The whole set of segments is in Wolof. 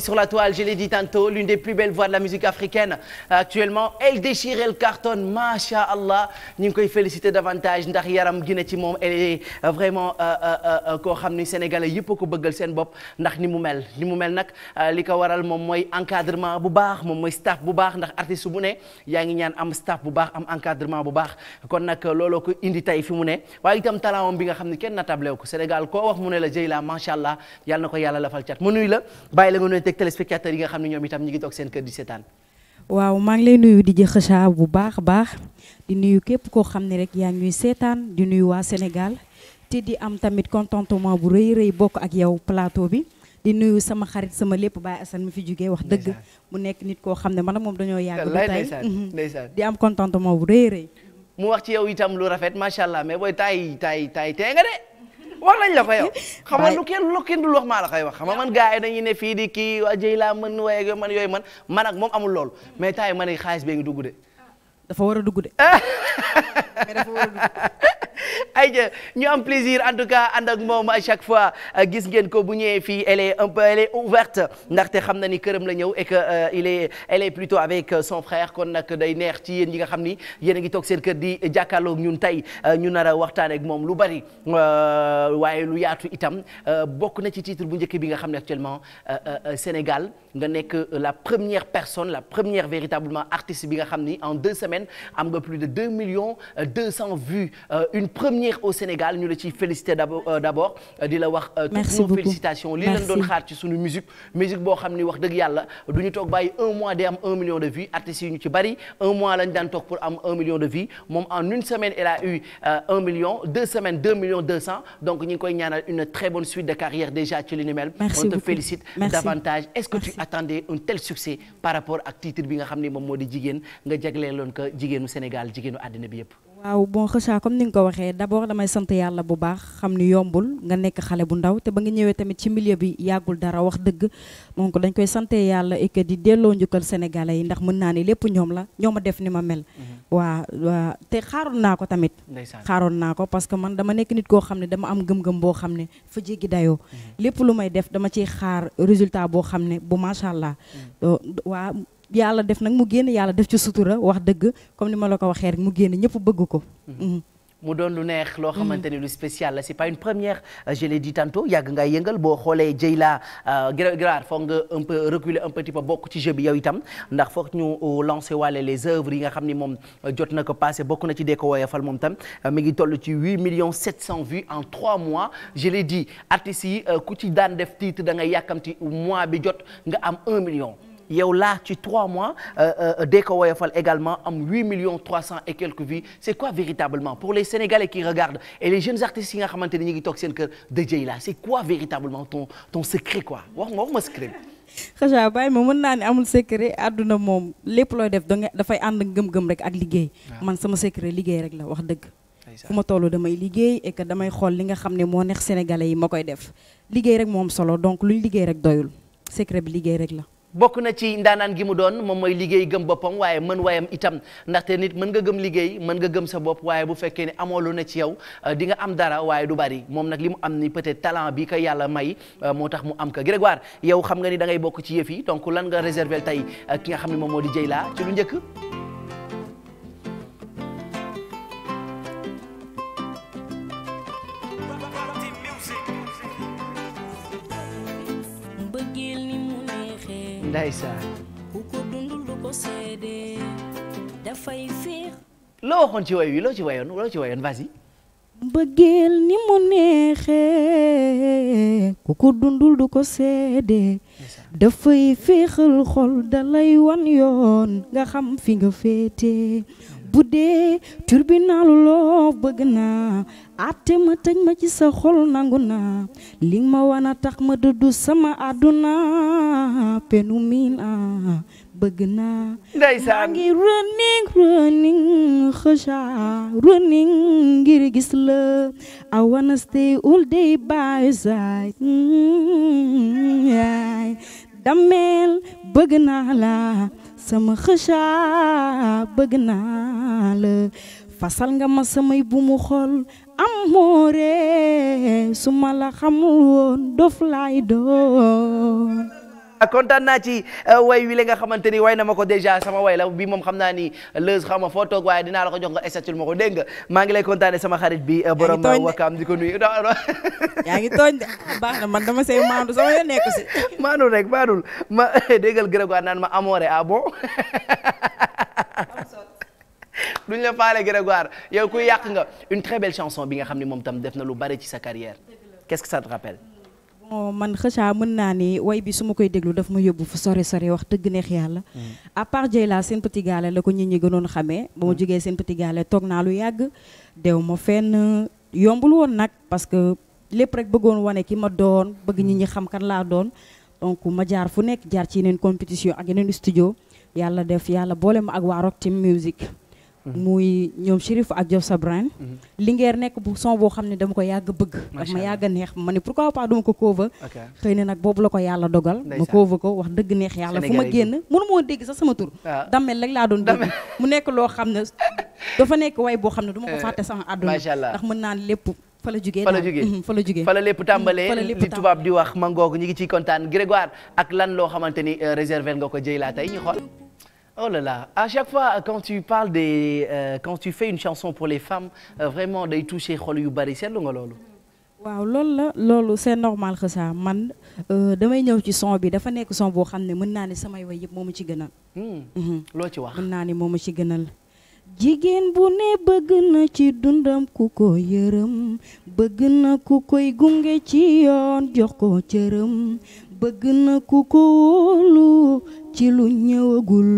sur la toile, je l'ai dit tantôt, l'une des plus belles voix de la musique africaine actuellement elle déchire, elle cartonne, macha allah ñu ngi koy féliciter davantage ndax yaram gi na ci moom e est vraiment euh, euh, euh, koo xam ni sénégalais yëpp a ko bëggal seen bopp ndax ni mu mel ni mu mel nag li ko waral moom mooy encadrement bu baax moom mooy staff bu baax ndax artiste bu ne yaa ngi ñaan am staff bu baax am encadrement bu baax kon nag looloo ko indi tay fi mu ne waaye itam talentam bi nga xam ne kenn natable ko Sénégal koo wax mu ne la jëy la macha allah yàlla ko yàlla lafal cat mu nuyu la abonnés ak téléspectateurs yi nga xam ne ñoom itam ñu ngi toog seen kër di seetaan. waaw maa ngi lay nuyu di jë xëcca baax baax di nuyu képp koo xam ne rek yaa ngi ñuy seetaan di nuyu waa Sénégal te di am tamit contentement bu rëy rëy bokk ak yow plateau bi. di nuyu sama xarit sama lépp Baye Assane mi fi jógee wax dëgg mu nekk nit koo xam ne man moom dañoo yàgg tey mhm. di am contentement bu rëy rëy mu wax ci yow itam lu rafet macha allah mais booy taay taay taay de wax nañ la ko yow. xam nga lu kenn lu kenn dul wax maa la koy wax xam nga man gars yi dañuy ne fii di kii waa jëy laa man yooyu man man ak moom amul loolu mais temps yi ma ne xaalis bee ngi dugg de. dafa war a dugg de. mais dafa war a dugg. ay ayja ñu am plaisir en tout cas ànd ak moom à chaque fois euh, gis ngeen ko bu ñëwee fii elle est un peu ouverte ndaxte xam na ni këram la ñëw et que euh, il est elle est avec euh, son frère kon nag day neex ci yéen ñi nga xam ni yéen a ngi toog seen kër di jàkkaarloog ñu tey ñu nar a waxtaan ek moom lu bari waaye lu yaatu itam bokk na ci titre bu njëkk bi nga xam ne actuellement Sénégal nga nekk la première personne la première véritablement artiste bi nga xam ni en deux semaines am nga plus de deux millions cent première au Sénégal ñu la ciy félicité d'abord euh, euh, di la wax. Euh, merci beaucoup félicitations li leen doon xaar ci suñu musique musique boo xam ni wax dëgg yàlla du ñu toog bàyyi un mois di am un million de vues artistes yi ñu ci bari un mois lañ daan toog pour am un million de vues moom en une semaine elle a eu un million deux semaines donc ñu koy ñaanal une très bonne suite de carrière déjà ci li ni mel. on te félicite davantage est-ce que tu attendais un tel succès par rapport nga xam ni moom moo di Sénégal jigéenu àddina bi yëpp. waaw bon Kheucha comme ni nga ko waxee d'abord damay sant yàlla bu baax xam ni yombul nga nekk xale bu ndaw te ba nga ñëwee tamit ci milieu bi yàggul dara wax dëgg donc dañ koy sante yàlla et que delloo njukkal sénégalais yi ndax mën naa ni lépp ñoom la ñoo ma def ni ma mel mm-hmm. waa waa te xaaroon naa ko tamit xaaroon naa ko parce que man dama nekk nit koo xam ne dama am gëm-gëm boo xam ne fa jéggi dayoo mm-hmm. lépp lu may def dama ciy xaar résultat boo xam ne bu macha allah mm-hmm. yàlla def nag mu génn yàlla def ci sutura wax dëgg comme ni ma la ko waxee rek mu génn ñëpp bëgg ko. Mm-hmm. mu doon lu neex loo mm-hmm. xamante ne lu spécial la c'est pas une première euh, je l'ai dit yàgg nga yëngal boo xoolee Dieyla euh, Gérard foog nga un peu reculer un petit peu bokk ci jeu bi yow itam ndax foog ñu euh, lancer waale les œuvres yi nga xam ni moom jot na ko passé bokk na ci dee ko woyofal moom tam mi ngi toll ci million millions 700 vues en 3 mois je l'ai dit artistes ku ci daan def titre da nga yàkkamti mois bi jot nga am 1 million yow laa ci trois mois euh, euh, de ko woyofal également am huit million trois cent et quelques vues c'est quoi véritablement pour les Sénégalais qui regardent et les jeunes artistes yi nga xamante ne ñu ngi toog seen kër DJ là c'est quoi véritablement ton secret quoi wax nga wax ma secret xaja bàyyi ma mën naa ne amul secret àdduna moom lépp looy def danga dafay ànd gëm-gëm rek ak liggéey man sama secret liggéey rek la wax dëgg fu ma toll damay liggéey et que damay li nga xam ne moo neex sénégalais yi ma koy def liggéey rek moom solo donc luñ liggéey doyul secret bi liggéey rek la bokk na ci ndaanaan gi mu doon moom mooy liggéey gëm boppam waaye mën wayam itam ndaxte nit mën nga gëm liggéey mën nga gëm sa bopp waaye bu fekkee ne amoo lu ne ci yow euh, di nga am dara waaye du bari moom nag li mu am ni peut-être talent bi ko yàlla may euh, moo tax mu am ko Grégoire yow xam nga ni dangay bokk ci yëf yi donc lan nga réserver tey euh, ki nga xam ne moom moo di Dieyla ci lu njëkk ndeysaan ku ko dundul du ko seede dafay fiir loo waxoon ci way wi loo ci wayoon loo ci wayoon vas-y mbëggeel ni mu neexee ku ko dundul du ko seede dafay féexal xol dalay wan yoon nga xam fi nga féete bu dee turbinalu loo bëgg naa àtte ma tëj ma ci sa xol nangu naa li ma wana tax ma dëddu sama àdduna penu miin a bëgg naa ndeysaan maa ngi running running xëca running ngir gis la I wanna stay all day by your side mm, dameel bëgg naa la sama xëca bëgg naa naa la fasal nga ma samay bu mu xool amoore su ma la xamul woon dof laay doon kontaan naa ci euh, way wi nga xamante ni way na ma ko déjà sama way la bi moom xam naa ni leus xaw ma foo toog waaye dinaa la ko jox nga ma ko dégg nga maa ngi lay kontaane sama xarit bi euh, borom wakaam di ko nuyu yaa ngi tooñ de baax na man dama say maandu sama yoon nekk si maandu rek maandul ma déggal gërëm waa naan ma amoore ah bon duñ la faale Grégoire yow kuy yàq nga une très belle chanson bi nga xam ne moom tam def na lu bari ci sa carrière qu'est-ce que man xëcca mën naa ni way bi su ma koy déglu dafa ma yóbbu fu sore sore wax dëgg neex yàlla mm. à part Dieyla seen Petit la ko nit ñi gënoon xamee ba ma mm. jógee Sen Petit toog naa lu yàgg dew ma fenn yombul woon nag parce que lépp rek bëggoon wane ki ma doon bëgg nit ñi mm. xam kan laa doon donc ma jaar fu nekk jaar ci yeneen compétition ak yeneen studio yàlla def yàlla boole ma ak waa Rock Team Mhm. muy ñoom Chérif ak Diop Sabrin mhm. Linguère nekk bu son boo xam ne dama ko yàgg bëgg daf ma yàgg neex ma ne pourquoi pas duma ko kóova xëy na nag boobu la ko yàlla dogal ma kóova ko wax dëgg neex yàlla fu ma génn mënu moo dégg sax sama tur ah. dammel rek laa doon dégg mu nekk loo xam ne dafa nekk way boo xam ne du ma ko eh, fàtte sama àdduna ndax mën naan lépp fa la jugee fa la jugee mhm, fa la jugee fa la lépp tàmbalee li tubaab di wax mangoogu ñu ngi ciy kontaan Grégoire ak lan loo xamante ni euh, réservé nga ko jëy laa tey ñu Oh là là, à chaque fois euh, quand tu parles des euh, quand tu fais une chanson pour les femmes euh, vraiment day touché xol yu bari seetlu nga loolu. waaw lool la loolu c'est normal que man euh, damay ñëw ci son bi dafa nekk son boo xam ne mën naa ne samay way yëpp moo ci gënal. Hmm. Mhm. loo ci wax mën naa ni moo ma ci gënal. jigéen bu ne bëgg na ci dundam ku ko yërëm bëgg na ku koy gunge ci yoon jox ko cërëm bëgg na ku ko wóolu ci lu ñëwagul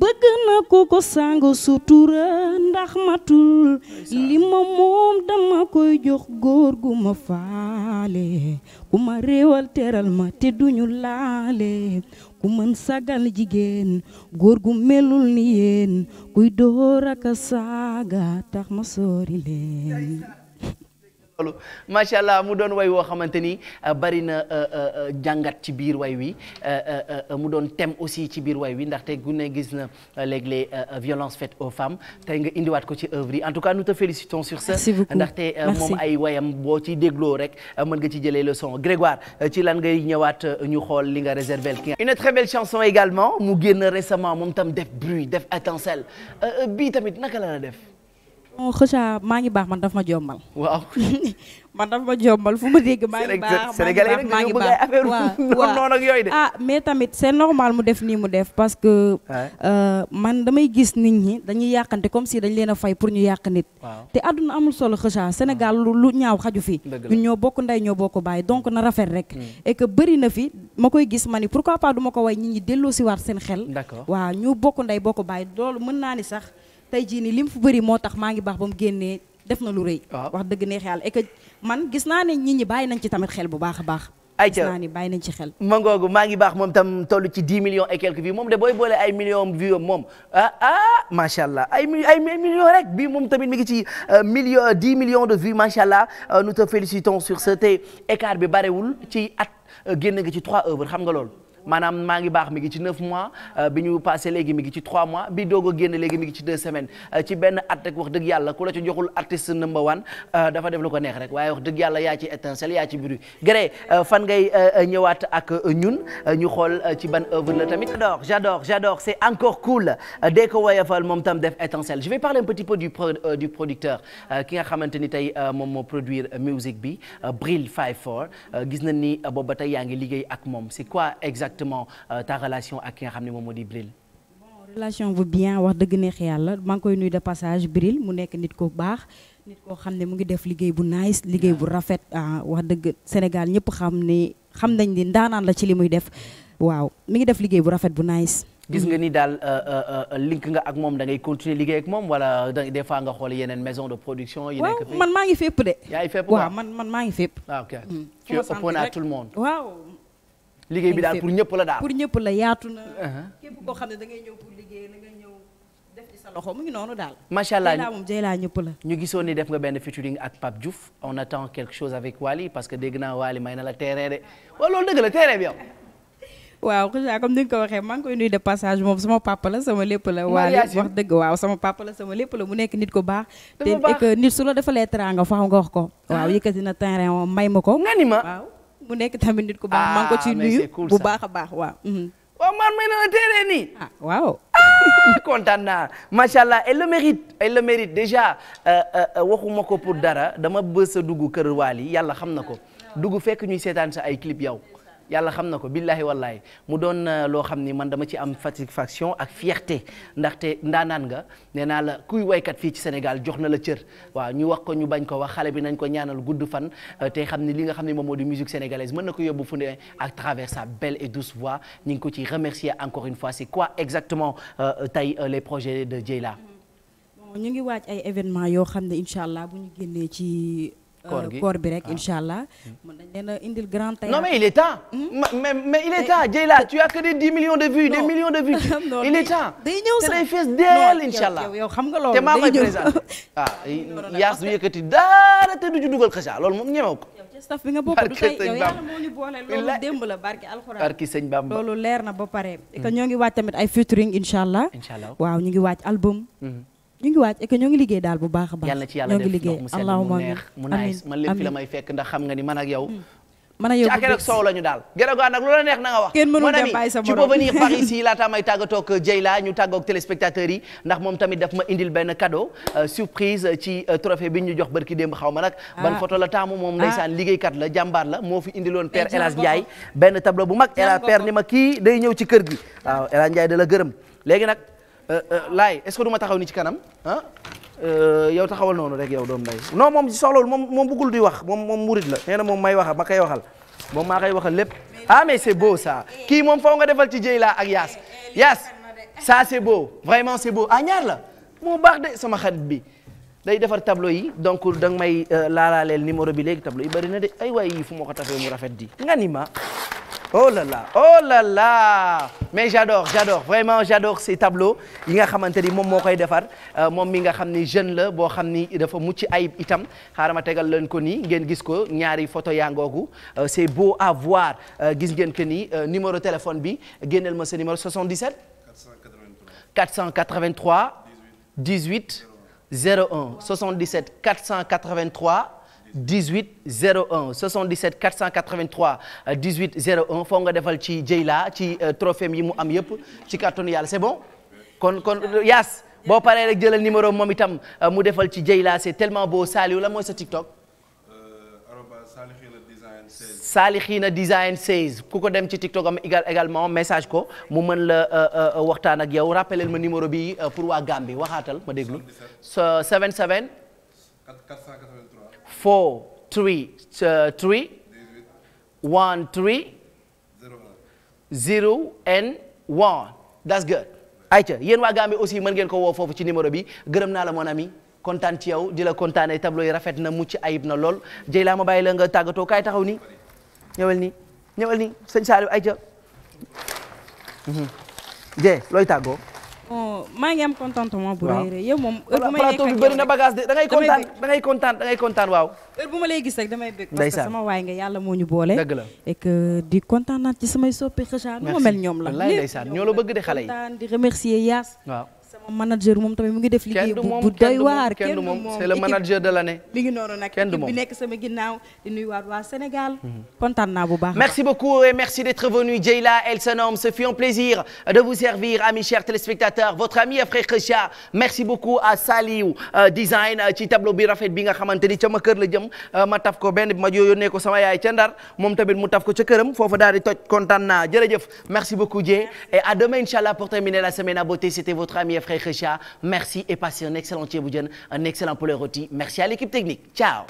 bëgg na ku ko sàng sutura ndax matul li ma moom dama koy jox góor gu ma faale ku ma réewal teral ma te duñu laale ku mën sagal jigéen góor gu melul ni yéen kuy door ak saaga tax ma soori leen loolu macha allah mu doon way woo xamante ni euh, bari na euh, euh, jàngat ci biir way wi mu doon tem aussi ci biir way wi ndaxte gune gis na léeg-léeg violence faite aux femmes tey nga indiwaat ko ci œuvre en tout cas nous te félicitons sur ça ndaxte moom ay wayam boo ci dégloo rek mën nga ci jëlee leçon Grégoire ci lan ngay ñëwaat ñu xool li nga réserver ki une très belle chanson également mu génn récemment moom tam def bruit def étincelle bii tamit naka la la def xëcca oh, maa ngi baax man daf ma jombal. waaw man daf ma jombal fu ma dégg maa ngi baax maa ngi baax waaw noonu ak yooyu de. ah mais tamit c'est normal mu def nii mu def parce que. Euh, man damay gis nit ñi dañuy yàqante comme si dañ leen a fay pour ñu yàq nit. te àdduna amul solo xëcca Sénégal lu ñaaw xaju fi. ñun ñoo bokk ndey ñoo bokk bàyyi donc na rafet rek. Mm. et que bëri na fi ma koy gis ma ni pourquoi pas du ma ko way nit ñi delloosiwaat seen xel. d'accord waaw ñu bokk ndey bokk bàyyi loolu mën naa ni sax. tey jii nii lim fu bëri moo tax maa ngi baax ba mu génnee def na lu rëy. wax dëgg neex yàlla et man gis naa ne ñi ñi bàyyi nañ ci tamit xel bu baax a baax. ayca naa bàyyi nañ ci xel mangoogu maa ngi baax moom tam toll ci dix millions et quelques vues moom de booy boole ay millions vues moom ah ah macha allah ay ay millions rek bii moom tamit mi ngi ci euh, million dix millions de vues macha allah euh, nous te félicitons sur ce te écart bi barewul ci at euh, génn gi ci trois œuvres xam nga loolu maanaam maa ngi baax mi ngi ci 9 mois euh, bi ñu passé léegi mi ngi ci 3 mois bi doog a génn ngi ci 2 semaines euh, benn at rek wax dëgg yàlla ku la ci joxul artiste number one euh, dafa def lu ko neex rek waaye wax dëgg yàlla yaa ci étincelle yaa ci bruit gré fan ngay ñëwaat ak ñun ñu xool ci ban œuvre la tamit. j'adore j'adore j'adore c'est encore cool dès que woyofal moom tam def étincelle je vais parler un petit peu du producteur ki nga xamante ni tey moom moo produire musique bi Bril 54 gis nañ ni boobu ba tey ngi liggéey ak moom exactement euh, ta relation ak ki nga xam ne moom moo di Bril relation bu bien wax dëgg neex yàlla maa ngi koy nuy de passage Bril mu nekk nit ku baax nit koo xam ne mu ngi def liggéey bu nice liggéey bu rafet ah, wax dëgg Sénégal ñëpp xam ne xam nañ ni ndaanaan la ci li muy def waaw mi ngi def liggéey bu rafet bu nice gis nga mm-hmm. ni daal euh, euh, link nga ak moom da ngay continuer liggéey ak moom wala des fois nga xool yeneen maison de production. yi waaw man maa ngi fépp de. yaa waaw man man maa ngi fépp. Ah, mm. tout le monde. liggéey bi daal pour ñëpp la daal pour ñëpp la yaatu na. Uh-huh. képp koo xam ne da ngay ñëw pour liggéey da ngay ñëw def mu ngi noonu daal. macha allah Dieyla moom Dieyla ñëpp la. ñu gisoon ni def nga benn featuring ak Pape Diouf on attend quelque que dégg naa Wally may na la terrain de waaw loolu dëgg la terrain bi ni nga ko waxee maa ngi koy nuyu de passage moom sama papa la sama lépp la. waale wax dëgg waaw sama papa la sama lépp la mu nekk nit ko baax. te nit su la defalee teraanga faaw nga wax ko. waaw ah. yëkkati na terrain may ma ko. nga ni ma mu nekk tamit nit ku baax ah, maa ngi nuyu bu baax a baax waaw. Mhm. waaw man may na la téere ah waaw. Ah, kontaan naa macha allah elle le mérite elle le mérite déjà euh, euh, euh, waxuma ko pour dara dama bës a dugg kër Waly yàlla xam na ko dugg fekk ñuy seetaan sa ay clip yow. yàlla xam na ko billahi wallahi mu doon euh, loo xam ni man dama ci am satisfaction ak fierté ndaxte ndaanaan nga nee la kuy waykat fii ci Sénégal jox na la cër waaw ñu wax ko ñu bañ ko wax xale bi nañ ko ñaanal gudd fan euh, te xam ni li nga xam ne moom moo di musique sénégalaise mën na ko yóbbu fu ne à travers belle et douce voix ñu ngi ko ciy remercier encore une fois c'est quoi exactement euh, tey les projets de Dieyla ñu ngi koor euh, gi koor bi rek ah. incha allah. mën nañ leen a indil grand théâtre. non mais il est temps. Hmm? mais mais il est temps Dieyla tu as que des dix millions de vues. des millions de vues il est temps. day ñëw sax te day fees deel incha allah yow xam nga loolu. te maa koy présenté waaw yaas du yëkkati dara te du ci dugal xasaa loolu moom ñemew ko. staff bi nga bokk du tey yow yàlla moo ñu boole loolu démb la barki alxuraan barki sëñ Bamba loolu leer na ba pare. que hmm. ñoo ngi waaj tamit ay featuring incha allah. incha allah waaw ñu ngi waaj album. Hmm. ñu ngi waaj et que ñoo ngi liggéey daal bu baax a baax. yàlla ci yàlla man lépp fi may fekk ndax xam nga ni man a yow. Hmm. man ak yow ci ak rek soow la ñu daal. gërëm nag lu la na nga wax. kenn mënul dem bàyyi sa morom mon ami tu peux venir par yi ndax moom tamit daf ma indil benn cadeau euh, surprise euh, ci euh, trophée bi ñu jox barki démb xaw ma nag. Ah. ban photo la taamu moom ah. liggéey kat la jàmbaar la moo fi indiloon père El Hadj Ndiaye benn tableau bu mag El Hadj père ni ma kii day ñëw ci kër gi waaw El Hadj Ndiaye da la gërëm léegi nag Euh, euh, laay est-ce que du ma taxaw ni ci kanam ah euh, yow taxawal noonu rek yow doom nday non moom soxlawul moom moom bëggul di wax moom moom murit la nee na moom may waxa ma koy waxal moom maa koy waxal lépp ah mais c'est beau ça kii moom faw nga defal ci jëy laa ak yaas yaas ça c'est beau vraiment c'est beau a ah, ñaar la moo baax de sama xarit bi day defar tableau yi donc da may laalaaleel numéro bi léegi tableau yi bari na de ay waay yi fu ma ko tafee mu rafet di nga ni ma oh là là oh là mais j'adore j'adore vraiment j'adore ces tableaux yi nga xamante ni moom moo koy defar euh, moom mi nga xam ni jeune la boo xam ni dafa mucc ayib itam xaaral ma tegal leen ko nii ngeen gis ko ñaari photo yaa ngoogu euh, c'est beau à voir euh, gis ngeen que ni numéro téléphone bi génneel ma sa numéro 77. 483 18 01 77 483 18 01 77 483 18 01 foo nga defal ci Dieyla ci euh, trophée yi mu am yëpp ci kàttanu yàlla c'est bon kon kon Yaas boo paree rek jëlal numéro moom itam euh, mu defal ci Dieyla c'est tellement beau Saliou la mooy sa TikTok. Euh, Salikhina design 16 ku ko dem ci TikTok am également message ko mu mën la waxtaan ak yow rappelel ma numéro bi pour waa Gambie waxaatal ma déglu. 77 77. four, three, uh, three, one, three, zero and one. that's good. ayca yéen waa Gambie aussi mën ngeen ko woo foofu ci numéro bi gërëm naa la mon ami kontaan ci yow di la kontaanee tableau yi rafet na mucc ayib na lool jëy laa ma bàyyi la nga tàggatoo kaay taxaw ni ñëwal nii ni nii sëñ Saliou mhm. ayca jee looy tàggoo. maa ngi am contentement bu rëy rëy yow moom heure bu ma plateau bi bëri na bagage de da ngay kontaan da ngay kontaan da ngay kontaan waaw heure bu ma lay gis rek damay bëgg parce que sama waay nga yàlla moo ñu boole dëgg la di kontaan naat ci samay soppi xëcaa nu ma mel ñoom la ndeysaan ñoo la ba de xale yi di remercier Yaas moom manager moom tamit mu ngi def liggéey bu doy waar kenn du moom c'est le manager de l'année mi ngi noonu nag kenn du moom bi nekk sama ginnaaw di nuyu waat waa Sénégal mhm. kontaan naa bu baax merci beaucoup et merci d'être venu Dieyla elle se nomme ce fut un plaisir de vous servir amis chers téléspectateurs votre ami et frère merci beaucoup à Saliou euh, design euh, ci tableau bi rafet bi nga xamante ni ca ma kër la jëm euh, ma taf ko benn bi ma yónnee ko sama yaay ca Ndar moom tamit mu taf ko ca këram foofu daal di toj kontaan naa jërëjëf merci beaucoup Diey et à demain inchallah Kheucha merci et passez un excellent ceebu un excellent poulet rôti merci à l'équipe technique ciao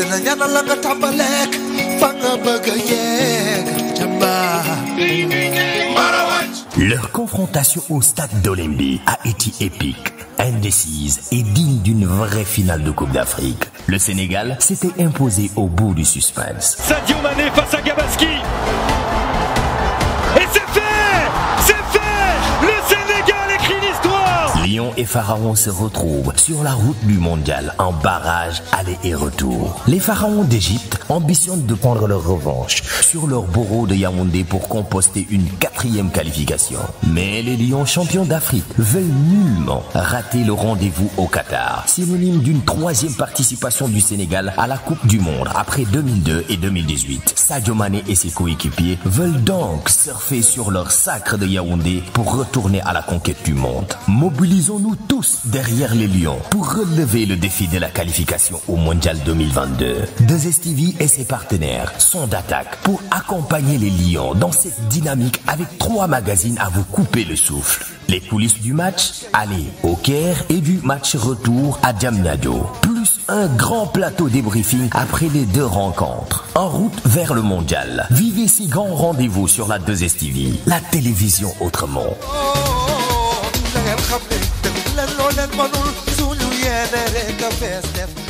si na ñana la nga tàmbaleek fa Leur confrontation au stade d'Olembe a été épique, indécise et digne d'une vraie finale de Coupe d'Afrique. Le Sénégal s'était imposé au bout du suspense. Sadio Mané face à Gabaski. et Pharaon se retrouvent sur la route du mondial en barrage aller et retour. Les pharaons d'Égypte ambitionnent de prendre leur revanche sur leur bourreau de Yaoundé pour composter une quatrième qualification. Mais les lions champions d'Afrique veulent nullement rater le rendez-vous au Qatar, synonyme d'une troisième participation du Sénégal à la Coupe du Monde après et 2018. Sadio et ses coéquipiers veulent donc surfer sur leur sacre de Yaoundé Nous tous derrière les Lions pour relever le défi de la qualification au Mondial 2022. 2STV et ses partenaires sont d'attaque pour accompagner les Lions dans cette dynamique avec trois magazines à vous couper le souffle. Les coulisses du match aller au Caire et du match retour à Diamniadio. Plus un grand plateau débriefing après les deux rencontres. En route vers le Mondial. Vivez ces grands rendez-vous sur la 2STV, la télévision autrement. dușmanul Suliu e de recăpesc